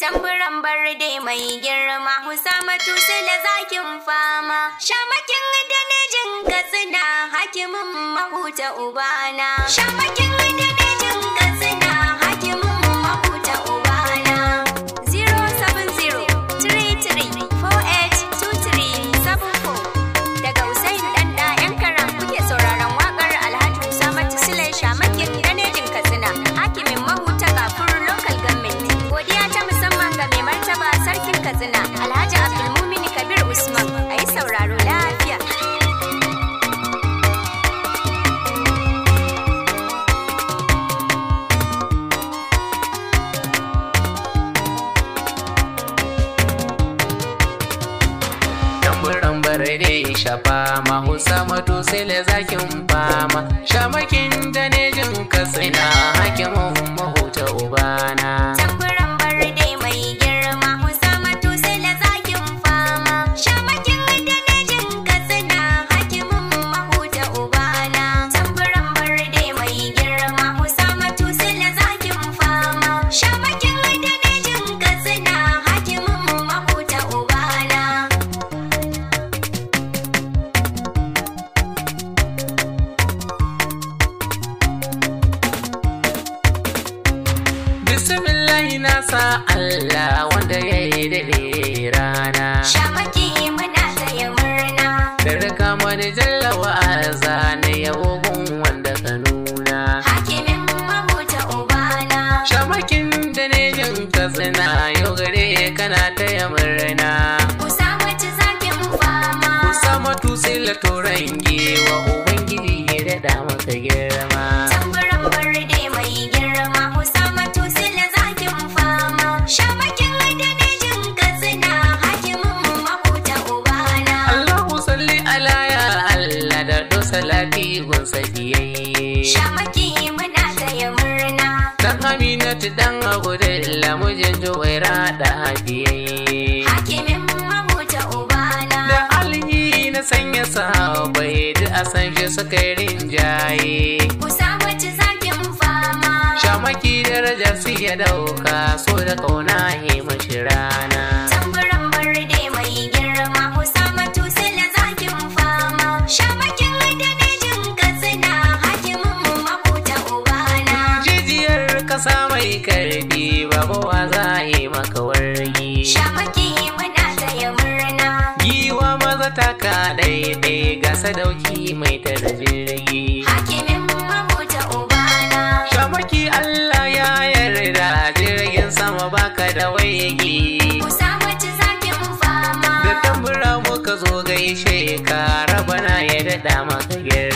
Tamburan barde mai girma Husama tusu da zakin fama Shamakin da jin katsina hakimin mahuta ubana Shamakin da ta fama Usama sile zakin fama Shamakin da ne jin kasina hakimin mahuta ubana rawa a zane yau wanda ka nuna. Hakimin mabuta ubana. Shamakin da ne jin yau gare kana taya murna. Ku samu ci zakin fama. Ku samu tusila turangi wa Shamaki muna taya murna. Dan Aminatu dan Agudel lamujin Juwaira da Hadiyayi. Hakimin mabuta ubana. Da alhi na sanya sahabai duk a san shi suka yi rinjaye. Kusa wacce zakin fama. Shamaki darajar su ya dauka so da kauna ya mashi rana. mai karbi babu wa za a yi maka wargi shamaki muna taya murna giwa maza ta ka ɗaiɗai ga sadauki mai tarjirgi hakimin mamu mabuta ubana shamaki allah ya yarda jirgin sama baka da waigi ku samu ci zakin fama da tambura muka zo gaishe ka rabana ya daɗa maka girma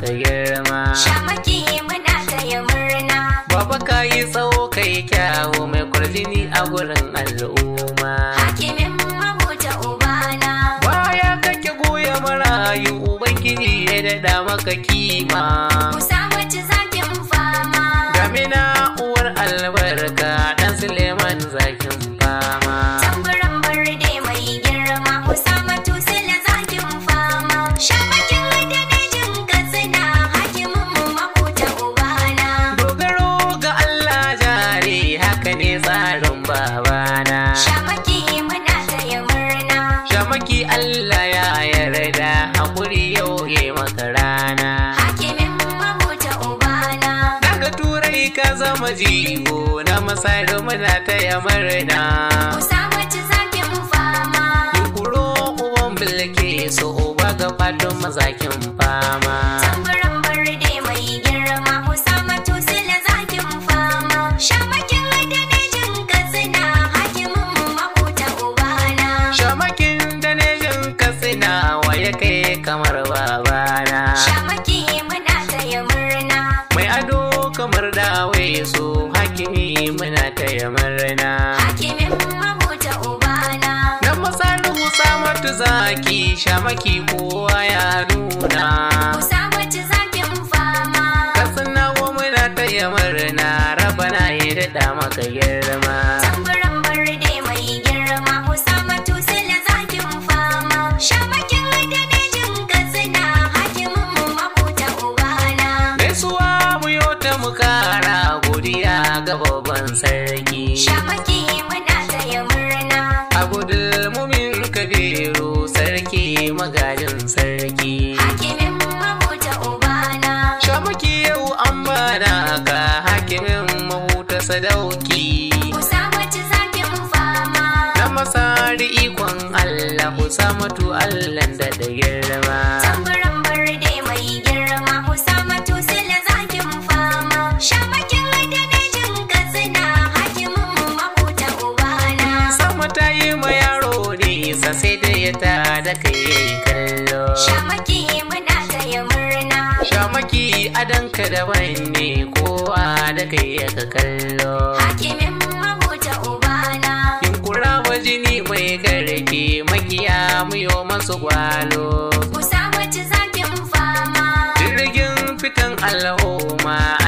ta girma shamaki muna taya murna baba ka yi tsawo kai kyawu mai kwarjini a gurin al'umma hakimin mabuta ubana baya kake goya marayu ubangiji ya daɗa maka kima jigo na masaru muna ta ya marina. samu zakin fama. Yukuro uban bilke so uba ga fatan mazakin shamaki kowa ya nuna ku samu ci zakin fama kasu na goma ta taya murna raba na yi daɗa maka girma dauki ku zakin fama na masari ikon Allah ku samu tu Allah da da girma tambaran dai mai girma ku samu tu sila zakin fama shamakin da dajin katsina hakimin ta ubana sama ta yi ma yaro nisa sai da ya ta da kai kallo shamaki muna ta yi murna shamaki adanka daban ne kowa da kai ka kallo hakimin mabuta ubana yunkura jini mai karfi makiya muyo masu gwalo ku samu ci zakin fama jirgin fitan al'umma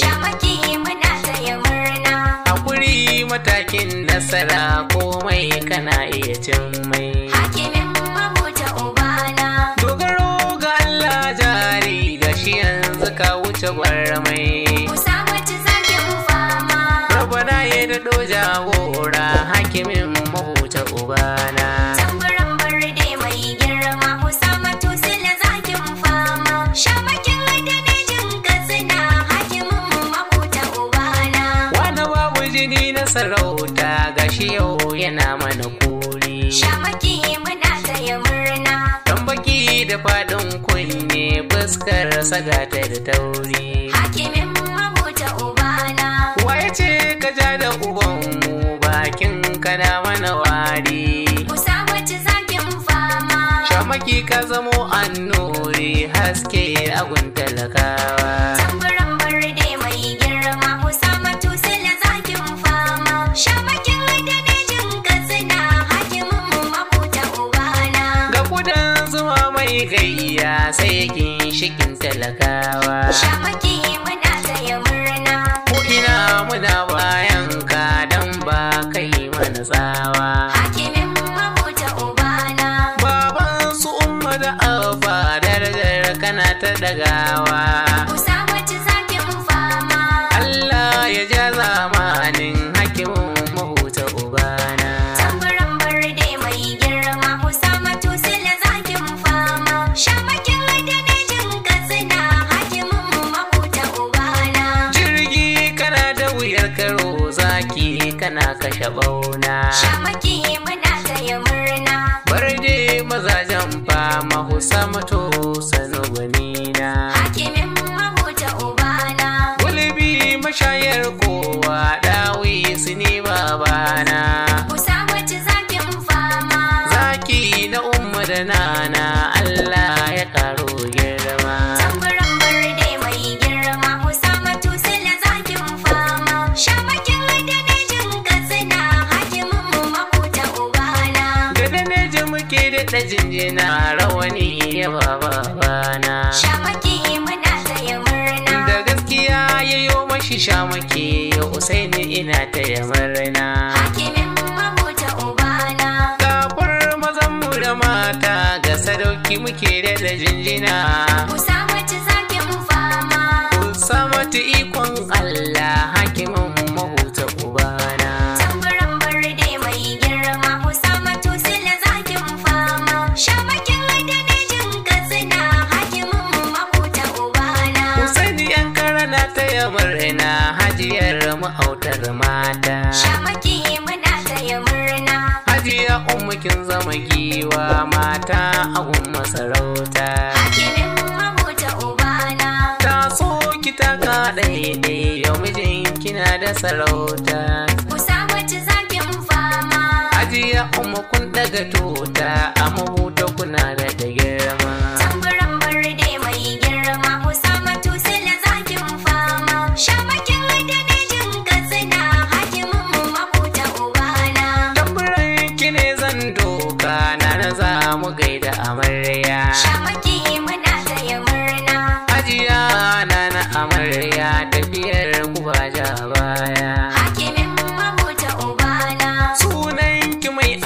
shamaki muna taya murna hakuri matakin nasara komai kana iya cin mai hakimin mabuta ubana dogaro ga Allah jari shi yanzu ka wuce gwarmai ku samu ci zaki fama rabana ya daɗo jagora sarauta gashi yau yana mana kuri. Shamaki muna taya murna. Tambaki da faɗin kunne fuskar ta da tauri. Hakimin mabuta ubana. Waye ce ka ja da ubanmu bakin kana mana wari. Kusa wacce zakin fama. Shamaki ka zamo annori haske agun talakawa. gayya sai shikin talakawa shamaki muna tsaye murna ko ina muna bayan ka dan ba kai mana tsawa hakimin mabuta ubana baban su umma da alfa kana ta dagawa Shamaki muna taya murna. Barde mazajen ba mahusa mutu. ta jinjina rawani ya baba bana shamaki muna taya murna da gaskiya yayo mashi shamaki ya usaini ina taya murna hakimin mamuta ubana kafar mazan mu da mata ga sadauki muke da jinjina ku samu kin zama giwa mata a umma sarauta. Hakimin mabuta ubana. Ta so ki ta kaɗai ɗai yau mijin kina da sarauta. Ku sabaci zakin fama. Ajiya umma kun daga tota, a mabuta kuna da da girma.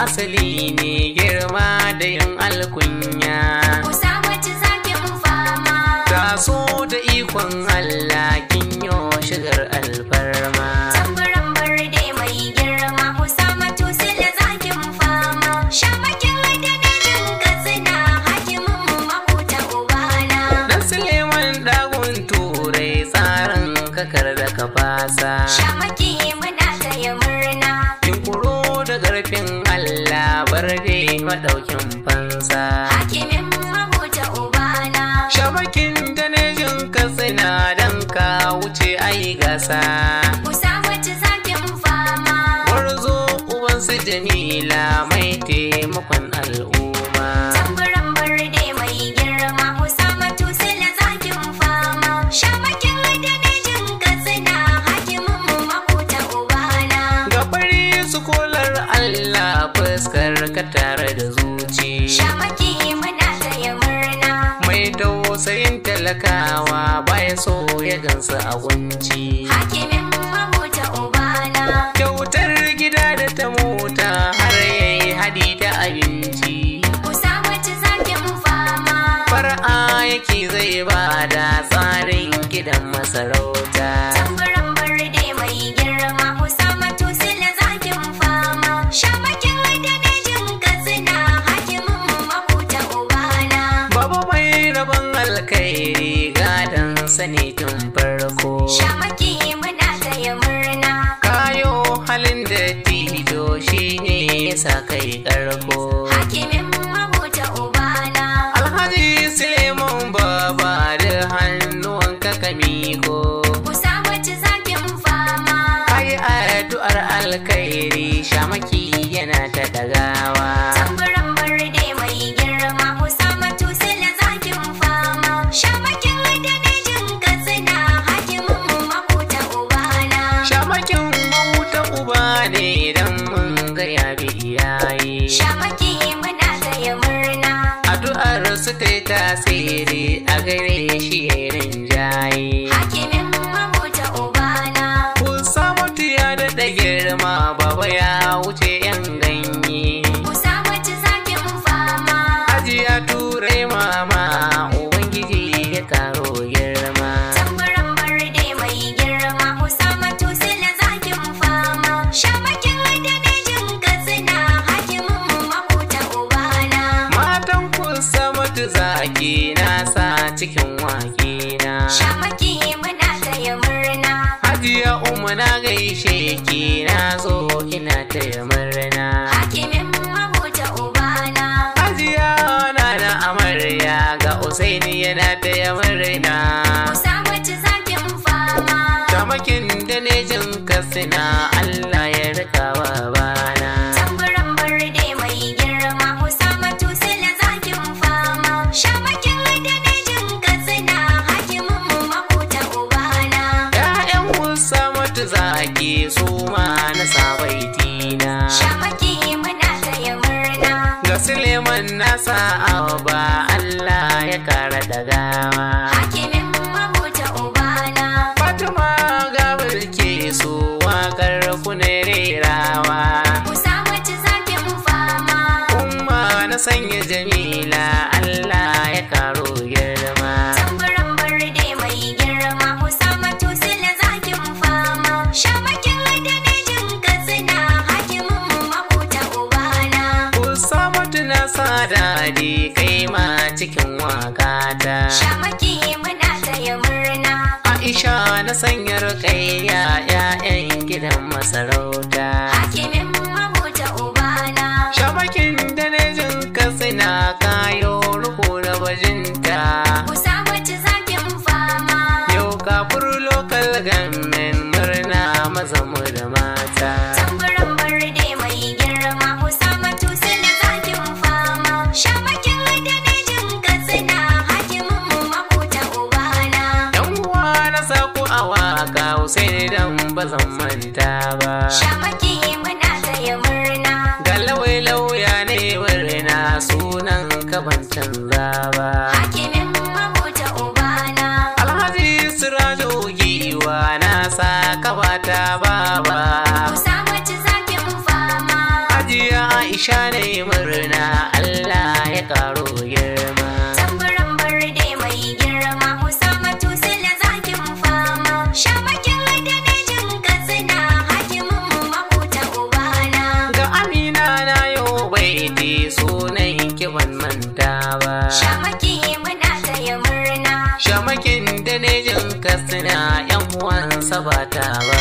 asali ne girma da yin alkunya. Ku samu ci zaki fama. Taso da ikon warge madaukin banza. talakawa bayan so ya gansa a kunci. Hakimin mabuta ubana. Kyautar gida da ta mota har yayi hadi ta abinci. Kusa wacce zaki mu fama. Far'a yake zai bada tsarin gidan masarauta. sabon alkairi gadon sani tun farko shamaki muna taya murna kayo halin da tido shi ne sa kai karko hakimin mabuta ubana alhaji suleiman baba da hannuwan ka ko. ku samu ci zakin fama kai addu'ar alkairi shamaki yana ta daga tasiri a gare cikin wakina. Shamaki muna taya murna. Hajiya umu na gaishe ki na zo ina taya murna. Hakimin mahuta ubana. Hajiya na na amarya ga Usaini yana taya murna. Ku mace ci zakin fama. Shamakin da ne kasina Allah. jamila Allah ya karo girma. Tambaran da mai girma kusa mato sila zakin fama. Shamakin adanajin katsina hakimin mu makuta ubana. Kusa na sa daɗi kai ma cikin wakata. Shamaki muna taya murna. Aisha na sanyar ya 'ya'yan gidan masarauta. na kayo ruhu na bajinta. mijin ka suna yan uwansa ba ta ba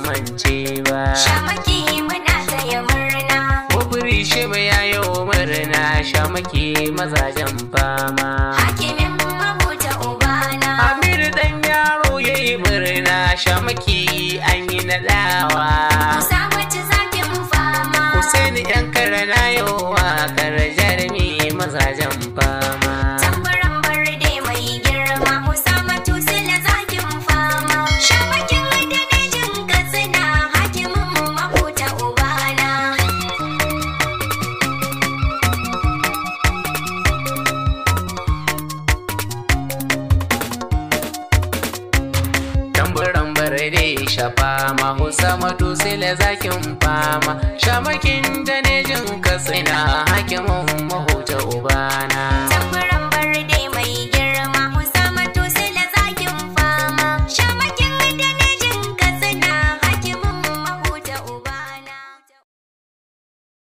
mance ba shamaki muna taya murna waburi shi ba ya yi murna shamaki mazajen fama hakimin mabuta ubana amir dan yaro ya yi murna shamaki an yi nadawa Hussein yan karana yau wa kar jarmi mazajen ta fama sile za zakin fama Shamakin da nejin kasina hakimin mahuta ubana